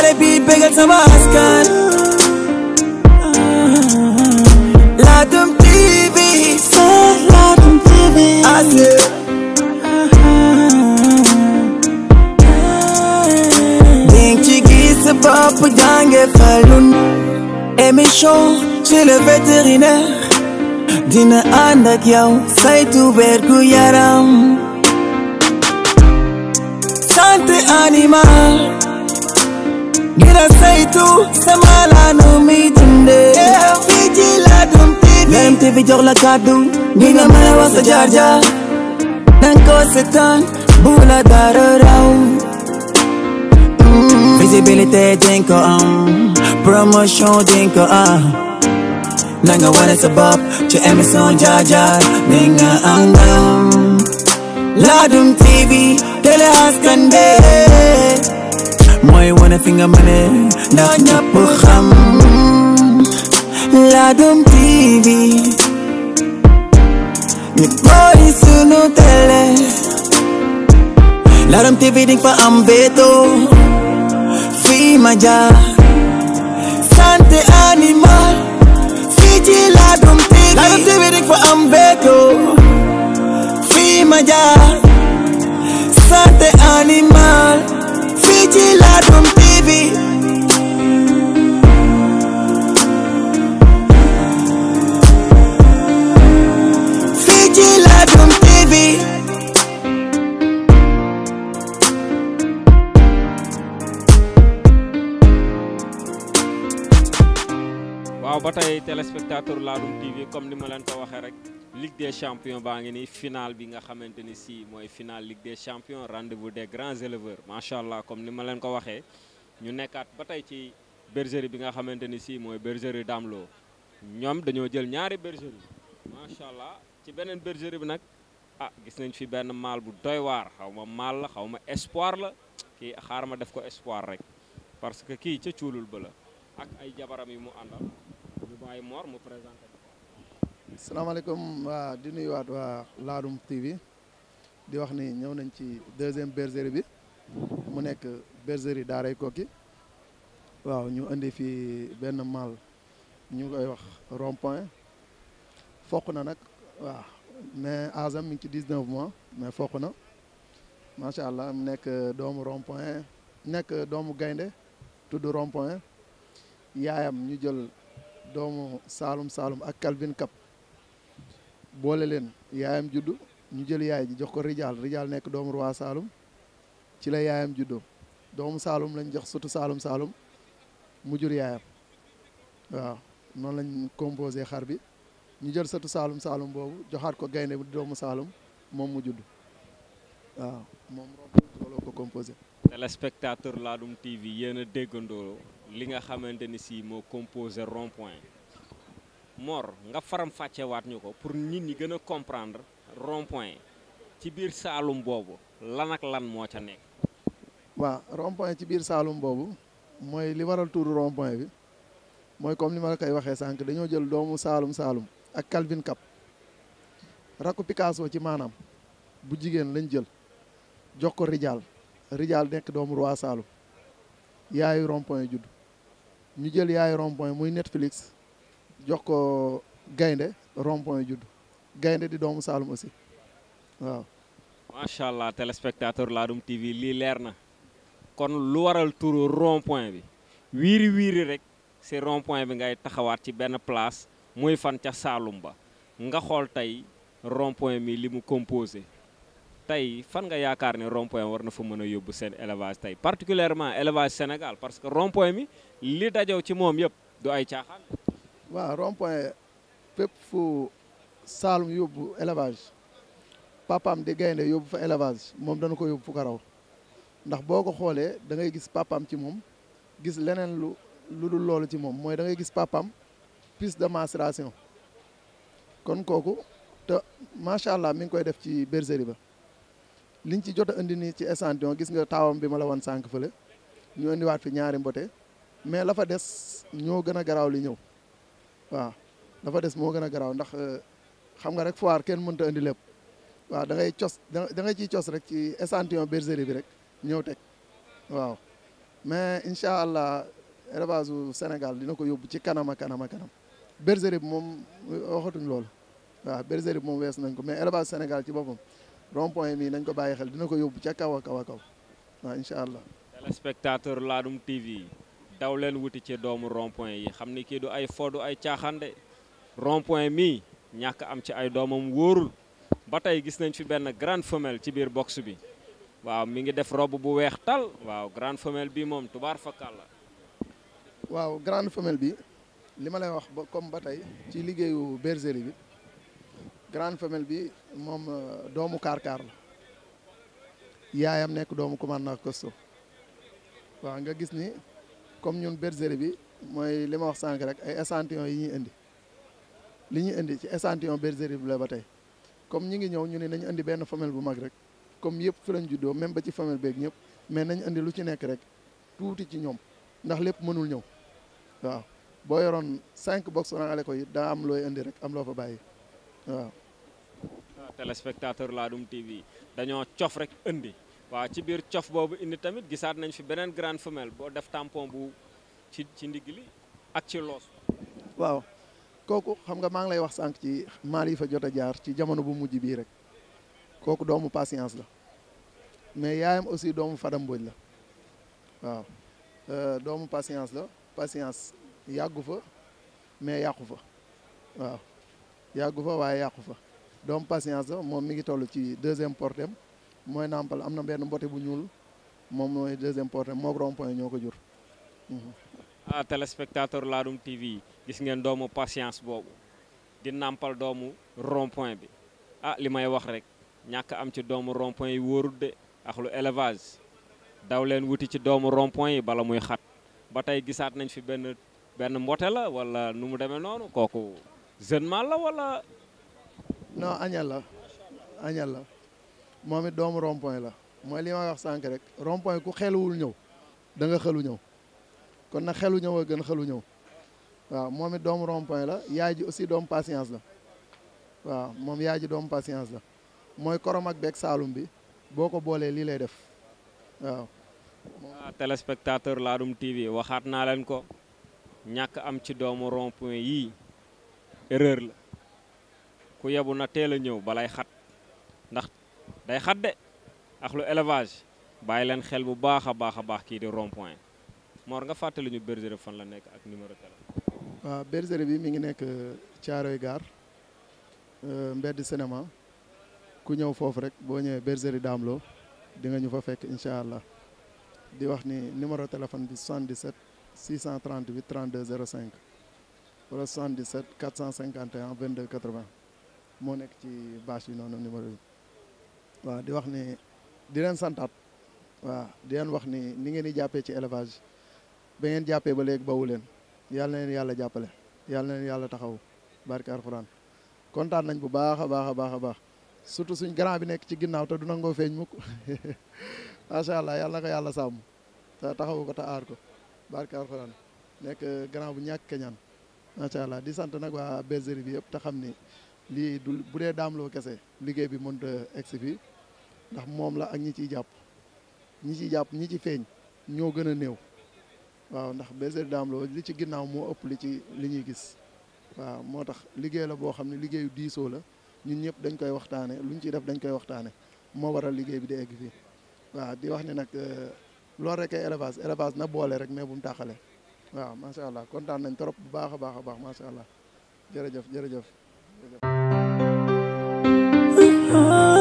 télé bi bégal sama askan Ladoum TV c'est Ladoum TV ning ci gis sa bopp jànge falun émission chez le vétérinaire dina ànd ak yow yaram ngir sama laanu mi dundee. fii ci Ladoum TV. Ladoum TV jox la kàddu. ngir nga mën a sa jaar jaar. danga ko seetaan bu dara raw. Mm. visibilité dinga am promotion dinga am. nanga wane sa ci émission jaar jaar ni nga am ndam. Ladoum TV télé askan bi. mooy wane fi nga mëne ndax ñëpp xam Ladoum TV ñu mooy sunu télé Ladoum TV di fa am béto fii ma jaar santé ani téléspectateur Ladoum TV comme ni ma leen ko waxee rek Ligue des champions baa ngi nii finale bi nga xamante ni sii mooy finale Ligue des champions rendez-vous des grands éleveurs allah comme ni ma leen ko waxee ñu nekkaat ba tey ci bergerie bi nga xamante ni sii mooy bergerie Dame Lo ñoom dañoo jël ñaari bergerie macha allah ci beneen bergerie bi nag ah gis nañ fi benn maal bu doy waar xaw ma maal la xaw ma espoir la kii xaar ma def ko espoir rek parce que kii ca cuulul ba ak ay jabaram yi mu àndal. waaye Mor mu présenté salaamaaleykum waa di nuyuwaat waa Ladoum TV di wax ni ñëw nañ ci deuxième bergerie bi mu nekk bergerie daaray Koki waaw ñu indi fii benn mal ñu koy wax rond-point fokk na nag waaw mais asam mi ngi ci dix-neuf mois mais fokk na macha allah mu nekk doomu rond-point nekk doomu gaynde tudd rond-point yaayam ñu jël doomu Saalum Saalum ak Calvin Cap boole leen yaayam juddu ñu jël yaay ji jox ko Rijal Rijal nekk doomu roi Saalum ci la yaayam juddoo doomu Saalum lañ jox sutu Saalum Saalum mu jur yaayam waaw noonu lañ composé xar bi ñu jël sëtu Saalum Saalum boobu joxaat ko gaynde bu doomu Saalum moom mu judd waaw moom rob looloo ko composé téléspectateur Ladoum TV yéen a déggandoo li nga xamante ni si moo composer rond point nga faram fàccewaat ñu ko pour nit ñi gën a comprendre rond point ci biir Saalum boobu lan lan moo ca nekk. waaw rond ci biir Saalum boobu mooy li waral tuuru rond bi mooy comme ni ma la koy waxee sànq dañoo jël doomu Saalum Saalum ak Calvin Cap rakku Picasso ci maanaam bu jigéen lañ jël jox ko Rijal Rijal nekk doomu roi Saalum yaayu rond judd. ñu jël yaay rond-point muy Netflix jox ko gaynde rond-point gaynde di doomu Saalum aussi waaw. macha allah téléspectateur Ladoum TV lii leer na kon lu waral turu rond bi wiiri wiiri rek si rond bi ngay taxawaat ci benn place muy fan ca Saalum ba nga xool tey rond-point mi li mu composé. tey fan nga yaakaar ne rond war na fa mën a yóbbu seen élevage tey particulièrement élevage Sénégal parce que rond point mi li dajaw ci moom yëpp du ay caaxaan. waaw rond point fu Saalum yóbbu élevage papam di gaynde yóbbu fa élevage moom dana ko yóbbu fu ko raw ndax boo ko xoolee da ngay gis papaam ci moom gis leneen lu lu dul loolu ci moom mooy da ngay gis papaam piste de mastration kon kooku te macha allah mi ngi koy def ci bergerie ba. liñ ci jot a ci échantillon gis nga taawam bi mala la wan sànq fële ñu indiwaat fi ñaari mbote mais lafa des ñoo gën a garaaw li ñëw waaw la des moo gën a garaw ndax euh, xam nga rek foire kenn mënta indi lépp waaw da cos da ngay ciy cos rek ci échantillon bergerie bi rek ñëw teg waaw mais incha allah élevage u Sénégal dina ko yóbbu ci kanama a kanam a kanam bi moom waxatuñ loolu waaw bergerie bi moom wees nañ ko mais élevage Sénégal ci boppam rond point bi nañ ko bàyyi xel dina ko yóbbu ca kaw a kaw a kaw waaw incha allah. téléspectateur Ladoum TV daw leen wuti ci doomu rond point yi xam ne kii du ay foddu ay caaxaande rond point mii ñàkk am ci ay doomam wóorul ba tey gis nañ fi benn grande femelle ci biir box bi waaw mi ngi def robe bu weex tal waaw grande femelle bi moom tubaar fakkal la waaw grande femelle bi li ma lay wax ba comme ba tey ci liggéeyu bergerie bi grande femelle bi. moom euh, doomu kaar-kaar la yaayam nekk doomu commandant costaud waaw nga gis ni comme ñun bergerie bi mooy li ma wax sànq rek ay échantillon yi ñuy indi li ñuy indi ci échantillon bergerie bi la ba tey comme ñu ngi ñëw ñu ne nañ indi benn femelle bu mag rek comme yëpp fi lañ juddoo même ba ci femelle beeg ñëpp mais nañ indi lu ci nekk rek tuuti ci ñoom ndax lépp mënul ñëw waaw boo yoroon cinq box rangale ko it daa am looy indi rek am loo fa bàyyi waaw téléspectateur Ladoum TV dañoo cof rek indi waaw ci biir cof boobu indi tamit gisaat nañ fi beneen grande femelle boo def tampon bu ci ci ndigg li ak ci loos waaw kooku xam nga maa ngi lay wax sànq ci maal yi fa jot a jaar ci jamono bu mujj bii rek kooku doomu patience la mais yaayam aussi doomu Fadam Mbodj la waaw euh, doomu patience la patience yàggu fa mais yàqu fa waaw yàggu fa waaye yàqu fa doom patience la moom mi ngi tollu ci deuxième portem mooy nàmpal am na benn mbote bu ñuul moom mooy deuxième portem moog rond ñoo ko jur. Mhm. ah téléspectateur Ladoum TV gis ngeen doomu patience boobu di nàmpal doomu rond bi ah li may wax rek ñàkk am ci doomu rond yi wóorul de ak lu élevage daw leen wuti ci doomu rond yi bala muy xat ba tey gisaat nañ fi benn benn mbote la wala nu mu demee noonu kooku jeune la wala. non añal la añal la moom it doomu rond la mooy li ma wax sànq rek rond point ku xeluwul ñëw da nga xelu ñëw kon na xelu ñëw a gën xelu ñëw waaw moom it doomu rond la yaay ji aussi doomu patience la waaw moom yaay ji doomu patience la mooy korom ak beeg saalum bi boo ko boolee lii lay def waaw. ah téléspectateur Ladoum TV waxaat naa leen ko ñàkk am ci doomu rond yii erreur la. ku yebu na teel a ñëw balay xat ndax day xat de ak lu élevage bàyyi leen xel bu baax a baax a baax kii di rond point Mor nga fàttali ñu bergerie fan la nekk ak numéro téléphone. waaw bergerie bi mi ngi nekk euh, Thiaroye Gare euh, mbedd cinéma ku ñëw foofu rek boo ñëwee bergerie Damlo di nga ñu fa fekk incha allah di wax ni numéro téléphone bi 77 638 32 05 wala 77 451 22 80. moo nekk ci bâche yi noonu numéro bi waaw di wax ni di leen santaat waa di leen wax ni ni ngeen di jàppee ci élevage ba ngeen jàppee ba léegi bawu leen yàlla na leen yàlla jàppale yàlla na leen yàlla taxaw barke alxuraan kontaan nañ bu baax a baax a baax a baax surtout suñ grand bi nekk ci ginnaaw te du nangoo feeñ mukk macha allah yàlla na ko yàlla sàmm te taxawu ko te aar ko barke alxuraan nekk grand bu ñàkk keñaan macha allah di sant nag waa bergerie bi yëpp te xam ni lii du bu dee daamloo kese liggéey bi mënut a egsi fii ndax moom la ak ñi ciy jàpp ñi ciy jàpp ñi ci feeñ ñoo gën a néew waaw ndax bergerie Dame Lo li ci ginnaaw moo ëpp li ci li ñuy gis waaw moo tax liggéey la boo xam ne liggéeyu diisoo la ñun ñëpp dañ koy waxtaane lu ñu ci def dañ koy waxtaane moo waral liggéey bi di egg fii waaw di wax ne nag euh, loolu rek ay élévage élevage na boole rek mais bu mu taxalee waaw macha allah kontaan nañ trop bu baax a baax a baax macha allah jërëjëf jërëjëf. Oh.